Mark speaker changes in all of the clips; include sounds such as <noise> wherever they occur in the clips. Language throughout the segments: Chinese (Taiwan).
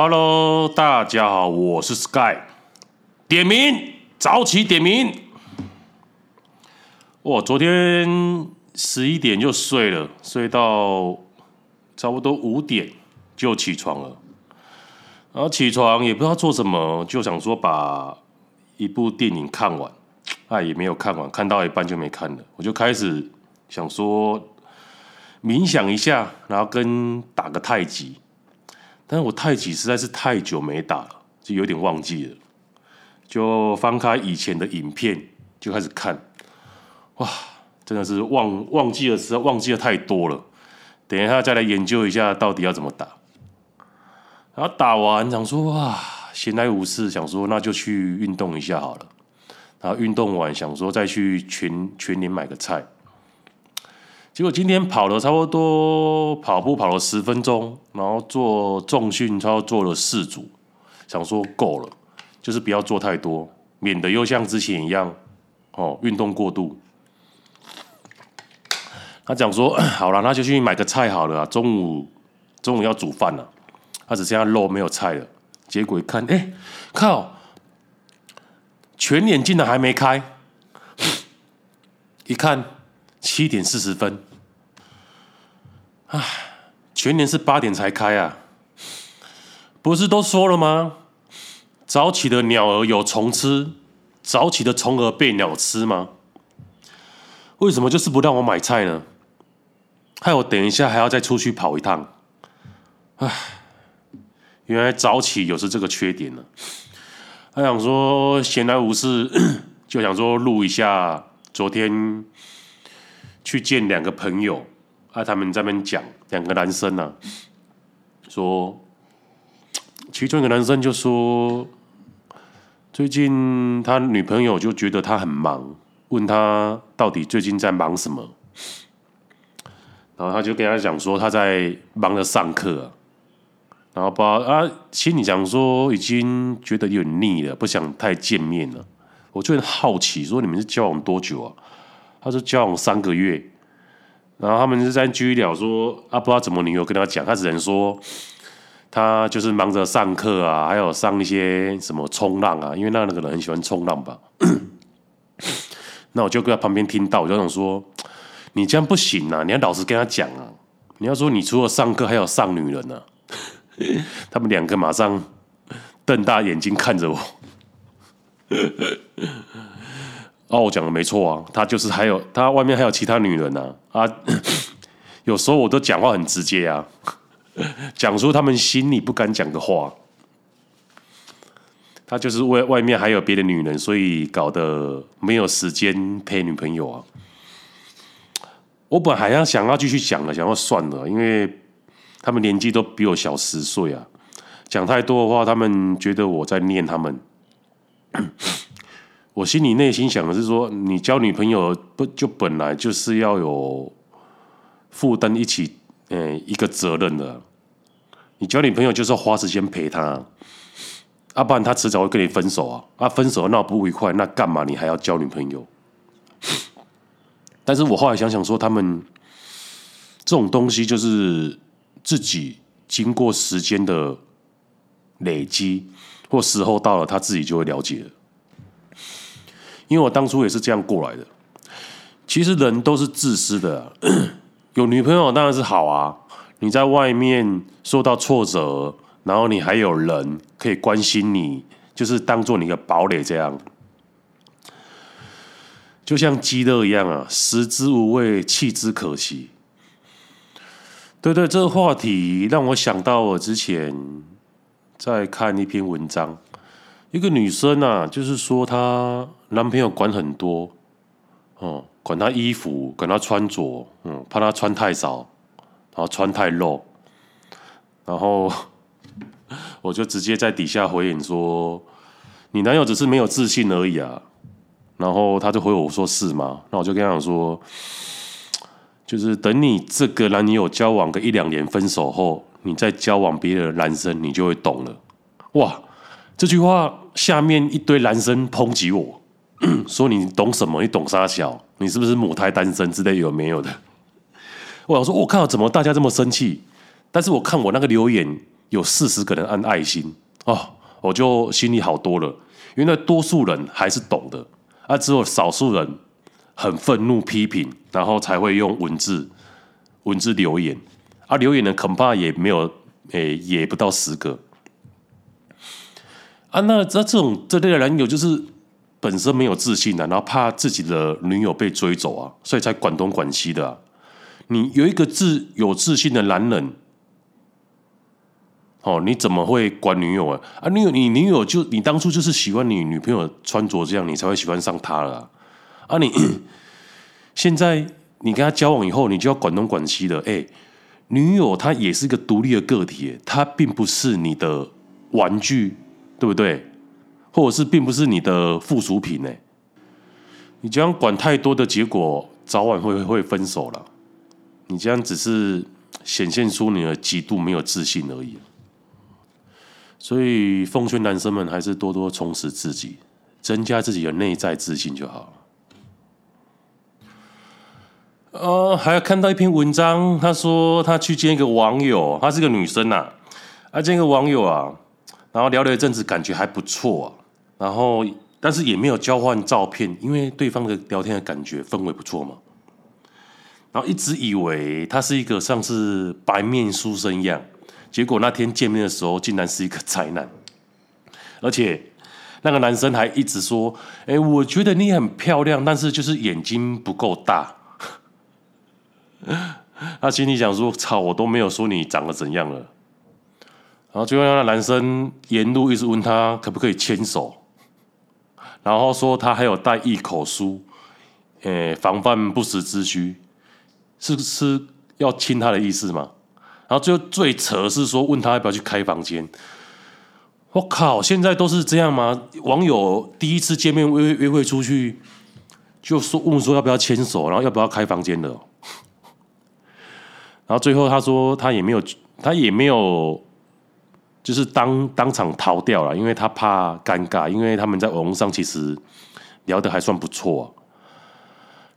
Speaker 1: Hello，大家好，我是 Sky。點名，早起點名。我昨天十一點就睡了，睡到差不多五點就起床了。然後起床也不知道做什麼，就想說把一部電影看完，哎、啊，也沒有看完，看到一半就沒看了。我就開始想說冥想一下，然後跟打個太極。但是我太極實在是太久沒打了，就有點忘記了，就翻開以前的影片就開始看，哇，真的是忘忘記了，實在忘記了太多了。等一下再來研究一下到底要怎麼打。然後打完想說哇，閒來無事，想說那就去運動一下好了。然後運動完想說再去全全聯買個菜。結果今天跑了差不多，跑步跑了十分鐘，然後做重訓操做了四組，想說夠了，就是不要做太多，免得又像之前一樣，哦，運動過度。他講說，好了，那就去買個菜好了，中午中午要煮飯了。他只剩下肉，沒有菜了。結果一看，哎，靠，全臉竟然還沒開，一看。七點四十分，唉，全聯是八點才開啊！不是都說了嗎？早起的鳥兒有蟲吃，早起的蟲兒被鳥吃嗎？為什麼就是不讓我買菜呢？害我等一下還要再出去跑一趟。唉，原來早起有是這個缺點呢。他想說閒來無事，就想說錄一下昨天。去見兩個朋友，啊，他們在那邊講兩個男生呢、啊，說其中一個男生就說，最近他女朋友就覺得他很忙，問他到底最近在忙什麼，然後他就跟他講說他在忙着上課、啊，然後把啊心裡講說已經覺得有點膩了，不想太見面了。我就很好奇，說你們是交往多久啊？他說交往三個月，然後他們就在拘了說啊，不知道怎麼女友跟他講，他只能說他就是忙着上課啊，還有上一些什麼衝浪啊，因為那個人很喜歡衝浪吧。 <coughs> 那我就跟他在旁邊聽到，我就想說你這樣不行啊，你要老實跟他講啊，你要說你除了上課還有上女人呢、啊。他們兩個馬上瞪大眼睛看着我。 <laughs> 哦，我講的沒錯啊，他就是還有他外面還有其他女人吶啊，啊！ <coughs> 有時候我都講話很直接啊，講出他們心裡不敢講的話。他就是外外面還有別的女人，所以搞得沒有時間陪女朋友啊。我本來還要想要繼續講了，想要算了，因為他們年紀都比我小十歲啊，講太多的話，他們覺得我在念他們。 <coughs> 我心裡內心想的是說，你交女朋友不就本來就是要有負擔一起，呃，一個責任的。你交女朋友就是要花時間陪她，要不然她遲早會跟你分手啊。啊，分手鬧不愉快，那幹嘛你還要交女朋友？但是我後來想想說，他們這種東西就是自己經過時間的累積，或時候到了，他自己就會了解。因為我當初也是這樣過來的，其實人都是自私的啊。有女朋友當然是好啊，你在外面受到挫折，然後你還有人可以關心你，就是當做你的堡壘這樣。就像雞肋一樣啊，食之無味，棄之可惜。對對，這個話題讓我想到我之前在看一篇文章。一個女生啊，就是說她男朋友管很多，哦、嗯，管她衣服，管她穿着，嗯，怕她穿太少，然後穿太露，然後我就直接在底下回應說：“你男友只是沒有自信而已啊。”然後她就回我說：“是嗎？”那我就跟她講說：“就是等你這個男友交往個一兩年分手後，你再交往別的男生，你就會懂了。”哇！這句話下面一堆男生抨擊我，說你懂什麼？你懂啥小？你是不是母胎單身之類有沒有的？我想說，我靠，怎麼大家這麼生氣？但是我看我那個留言有四十個人按愛心哦，我就心裡好多了，因為那多數人還是懂的，啊，只有少數人很憤怒批評，然後才會用文字文字留言，啊，留言的恐怕也沒有，誒，也不到十個。啊，那那這種這類的男友就是本身沒有自信的，啊，然後怕自己的女友被追走啊，所以才管東管西的，啊。你有一個自有自信的男人，哦，你怎麼會管女友啊？啊，你你女友就你當初就是喜歡你女朋友穿着這樣，你才會喜歡上她了啊。啊你，你現在你跟她交往以後，你就要管東管西的。哎，女友她也是一個獨立的個體，她並不是你的玩具。對不對？或者是並不是你的附屬品呢、欸？你這樣管太多的結果，早晚會會分手了。你這樣只是顯現出你的極度沒有自信而已。所以奉勸男生們，還是多多充實自己，增加自己的內在自信就好了。呃，還要看到一篇文章，他說他去見一個網友，她是一個女生吶、啊，他見一個網友啊。然後聊了一陣子，感覺還不錯啊。然後，但是也沒有交換照片，因為對方的聊天的感覺氛圍不錯嘛。然後一直以為他是一個像是白面書生一樣，結果那天見面的時候，竟然是一個宅男。而且那個男生還一直說：“哎、欸，我覺得你很漂亮，但是就是眼睛不夠大。 <laughs> ”他心裡想說：“操，我都沒有說你長得怎樣了。”然後最後那男生沿路一直問她可不可以牽手，然後說他還有帶一口書，誒，防範不時之需，是是要親她的意思嗎？然後最後最扯是說問她要不要去開房間。我靠，現在都是這樣嗎？網友第一次見面約約會出去，就說問說要不要牽手，然後要不要開房間的。然後最後他說他也沒有，他也沒有。就是當當場逃掉了，因為他怕尷尬，因為他們在網絡上其實聊得還算不錯、啊。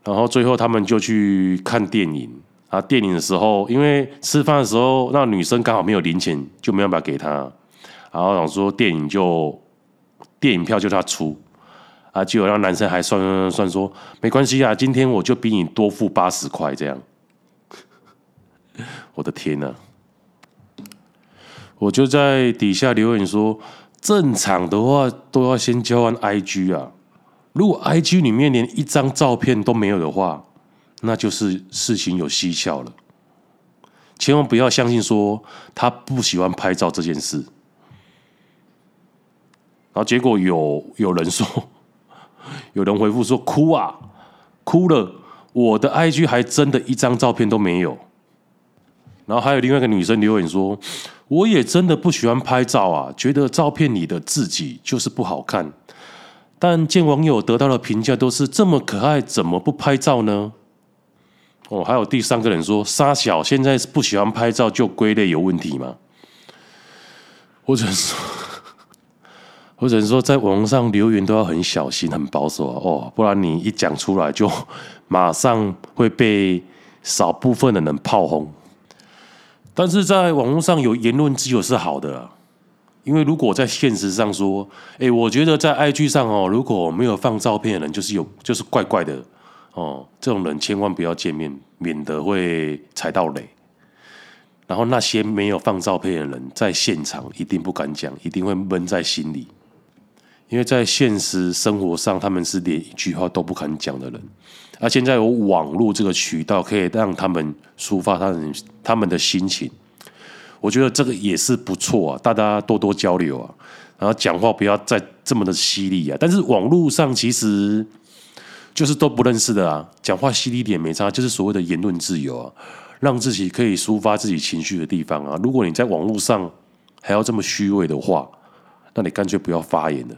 Speaker 1: 然後最後他們就去看電影啊，電影的時候，因為吃飯的時候那女生剛好沒有零錢，就沒有辦法給他。然後想說電影就電影票就他出啊，結果那男生還算算說沒關係啊，今天我就比你多付八十塊這樣。我的天哪、啊！我就在底下留言說：“正常的話都要先交換 IG 啊，如果 IG 裡面連一張照片都沒有的話，那就是事情有蹊蹺了。千萬不要相信說他不喜歡拍照這件事。”然後結果有有人說，有人回復說：“哭啊，哭了，我的 IG 還真的一張照片都沒有。”然後還有另外一個女生留言說。我也真的不喜歡拍照啊，覺得照片裡的自己就是不好看。但見網友得到的評價都是這麼可愛，怎麼不拍照呢？哦，還有第三個人說沙小現在是不喜歡拍照就歸類有問題嗎？我只能說，我只能說，在網上留言都要很小心，很保守啊，哦，不然你一講出來，就馬上會被少部分的人炮轟。但是在網絡上有言論自由是好的，因為如果在現實上說，誒、欸，我覺得在 IG 上哦，如果沒有放照片的人，就是有就是怪怪的哦，這種人千萬不要見面，免得會踩到雷。然後那些沒有放照片的人，在現場一定不敢講，一定會悶在心裡，因為在現實生活上，他們是連一句話都不敢講的人。那、啊、現在有網絡這個渠道，可以讓他們抒發他們他們的心情，我覺得這個也是不錯啊，大家多多交流啊，然後講話不要再這麼的犀利啊。但是網絡上其實就是都不認識的啊，講話犀利一點沒差，就是所謂的言論自由啊，讓自己可以抒發自己情緒的地方啊。如果你在網絡上還要這麼虛偽的話，那你乾脆不要發言了。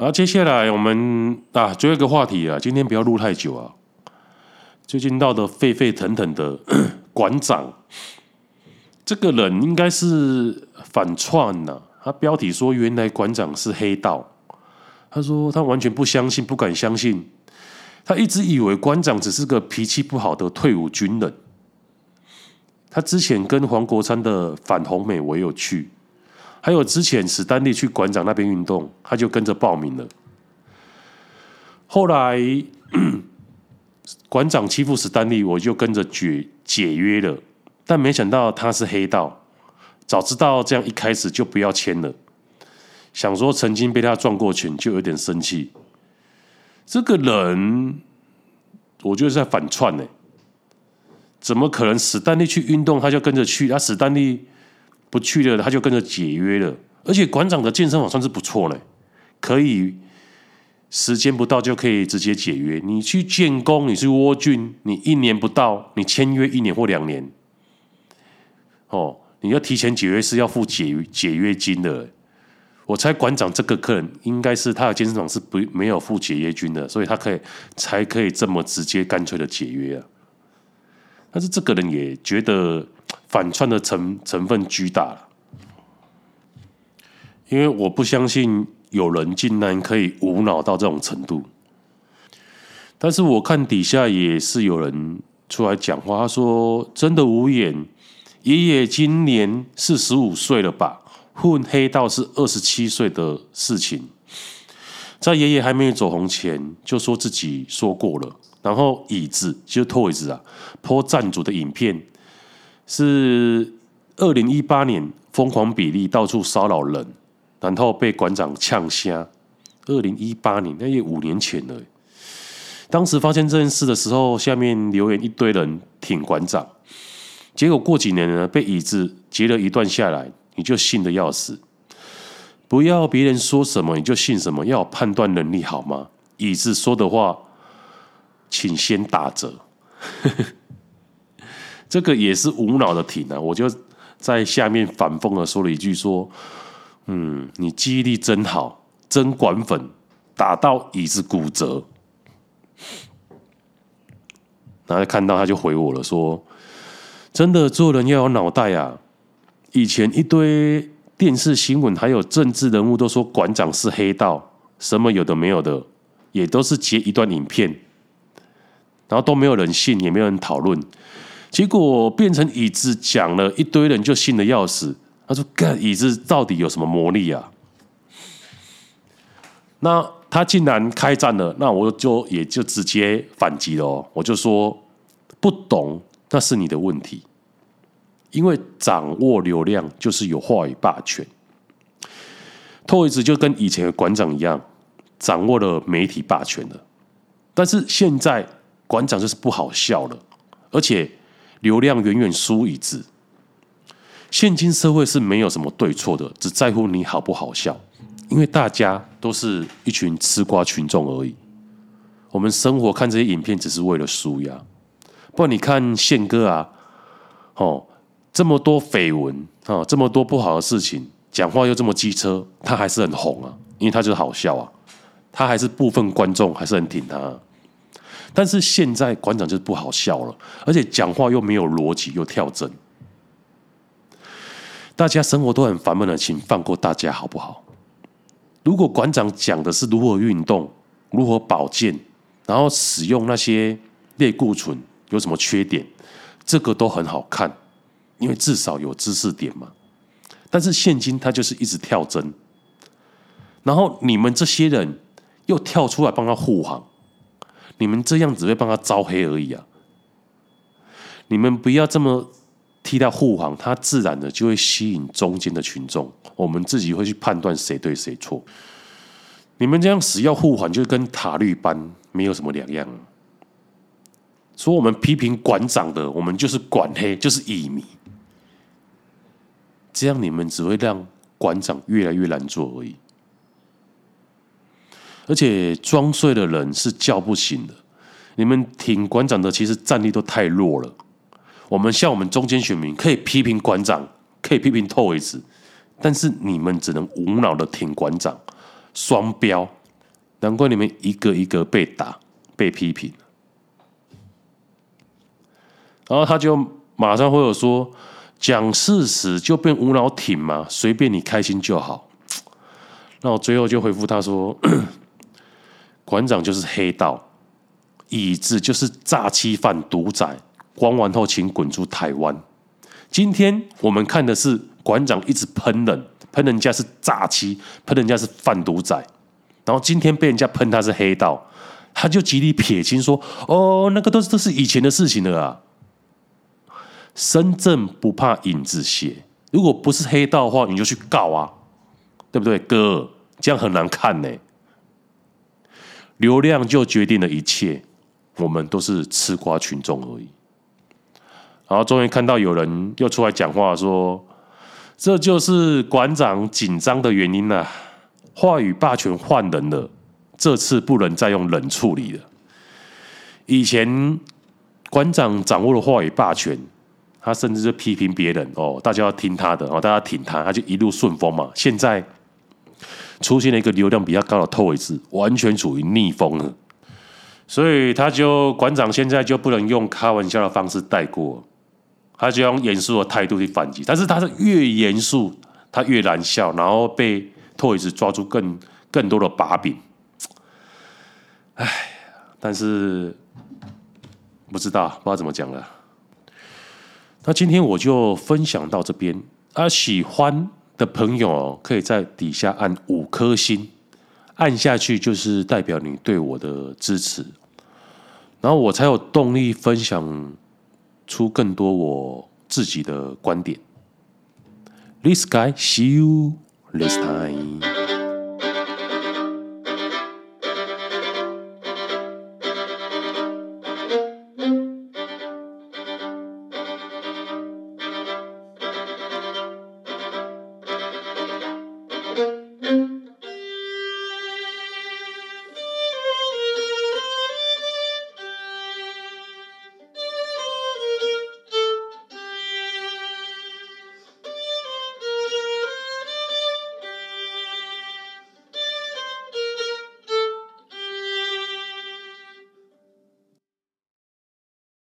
Speaker 1: 然、啊、後接下來我們啊最後一個話題啊，今天不要錄太久啊。最近鬧得沸沸騰騰的館長，這個人應該是反串吶、啊。他標題說原來館長是黑道，他說他完全不相信，不敢相信。他一直以為館長只是個脾氣不好的退伍軍人。他之前跟黃國昌的反紅媒，我有去。還有之前史丹利去館長那邊運動，他就跟着報名了。後來 <coughs> 館長欺負史丹利，我就跟着解解約了。但沒想到他是黑道，早知道這樣一開始就不要簽了。想說曾經被他賺過錢，就有點生氣。這個人我覺得是在反串呢、欸，怎麼可能史丹利去運動，他就跟着去？啊，史丹利。不去了，他就跟着解約了。而且館長的健身房算是不錯嘞，可以時間不到就可以直接解約。你去建工，你去沃俊，你一年不到，你簽約一年或兩年，哦，你要提前解約是要付解約解約金的。我猜館長這個客人應該是他的健身房是不沒有付解約金的，所以他可以才可以這麼直接乾脆的解約啊。但是這個人也覺得。反串的成成分巨大了，因為我不相信有人竟然可以無腦到這種程度。但是我看底下也是有人出來講話，他說：“真的無言，爺爺今年四十五歲了吧？混黑道是二十七歲的事情，在爺爺還沒有走紅前就說自己說過了。”然後椅子就是 Toys 啊，潑贊助的影片。是二零一八年瘋狂比利，到處騷擾人，然後被館長嗆聲。二零一八年，那也五年前了。當時發現這件事的時候，下面留言一堆人挺館長，結果過幾年呢，被椅子截了一段下來，你就信得要死。不要別人說什麼你就信什麼，要有判斷能力好嗎？椅子說的話，請先打折。 <laughs> 這個也是無腦的挺啊！我就在下面反諷的說了一句：“說，嗯，你記憶力真好，真管粉打到椅子骨折。”然後看到他就回我了，說：“真的做人要有腦袋啊！以前一堆電視新聞還有政治人物都說館長是黑道，什麼有的沒有的，也都是截一段影片，然後都沒有人信，也沒有人討論。”結果變成椅子講了一堆人就信的要死。他說：“幹椅子到底有什麼魔力啊？”那他竟然開戰了，那我就也就直接反擊了哦。我就說：“不懂，那是你的問題。”因為掌握流量就是有話語霸權。托椅子就跟以前的館長一樣，掌握了媒體霸權了，但是現在館長就是不好笑了，而且。流量，遠遠輸椅子，現今社會是沒有什麼對錯的，只在乎你好不好笑，因為大家都是一群吃瓜群眾而已。我們生活看這些影片只是為了紓壓。不過你看憲哥啊，哦，這麼多緋聞啊，這麼多不好的事情，講話又這麼機車，他還是很紅啊，因為他就是好笑啊，他還是部分觀眾還是很挺他。但是現在館長就不好笑了，而且講話又沒有邏輯，又跳針。大家生活都很煩悶的，請放過大家好不好？如果館長講的是如何運動、如何保健，然後使用那些類固醇有什麼缺點，這個都很好看，因為至少有知識點嘛。但是現今他就是一直跳針，然後你們這些人又跳出來幫他護航。你們這樣只會幫他招黑而已啊！你們不要這麼替他護航，他自然的就會吸引中間的群眾。我們自己會去判斷誰對誰錯。你們這樣死要護航，就跟塔綠班沒有什麼兩樣。所以我們批評館長的，我們就是館黑，就是椅迷。這樣你們只會讓館長越來越難做而已。而且裝睡的人是叫不醒的。你們挺館長的，其實戰力都太弱了。我們像我們中間選民，可以批評館長，可以批評 Toyz，但是你們只能無腦的挺館長，雙標。難怪你們一個一個被打、被批評。然後他就馬上會有說：講事實就變無腦挺嘛，隨便你開心就好。那我最後就回復他說。 <coughs> 館長就是黑道，以字就是詐欺犯、毒仔。關完後，請滾出台灣。今天我們看的是館長一直噴人，噴人家是詐欺，噴人家是販毒仔。然後今天被人家噴他是黑道，他就極力撇清說：“哦，那個都是都是以前的事情了啊。”身正不怕影子斜，如果不是黑道的話，你就去告啊，對不對，哥？這樣很難看呢、欸。流量就決定了一切，我們都是吃瓜群眾而已。然後終於看到有人又出來講話說，這就是館長緊張的原因了啊。話語霸權換人了，這次不能再用冷處理了。以前館長掌握的話語霸權，他甚至是批評別人哦，大家要聽他的哦，大家挺他，他就一路順風嘛。現在。出現了一個流量比較高的 Toyz 完全處於逆風了，所以他就館長現在就不能用開玩笑的方式帶過，他就用嚴肅的態度去反擊。但是他是越嚴肅，他越難笑，然後被 Toyz 抓住更更多的把柄。唉，但是不知道不知道怎麼講了。那今天我就分享到這邊他、啊、喜歡。的朋友可以在底下按五顆星，按下去就是代表你對我的支持，然後我才有動力分享出更多我自己的觀點。 <noise> This guy see you next time.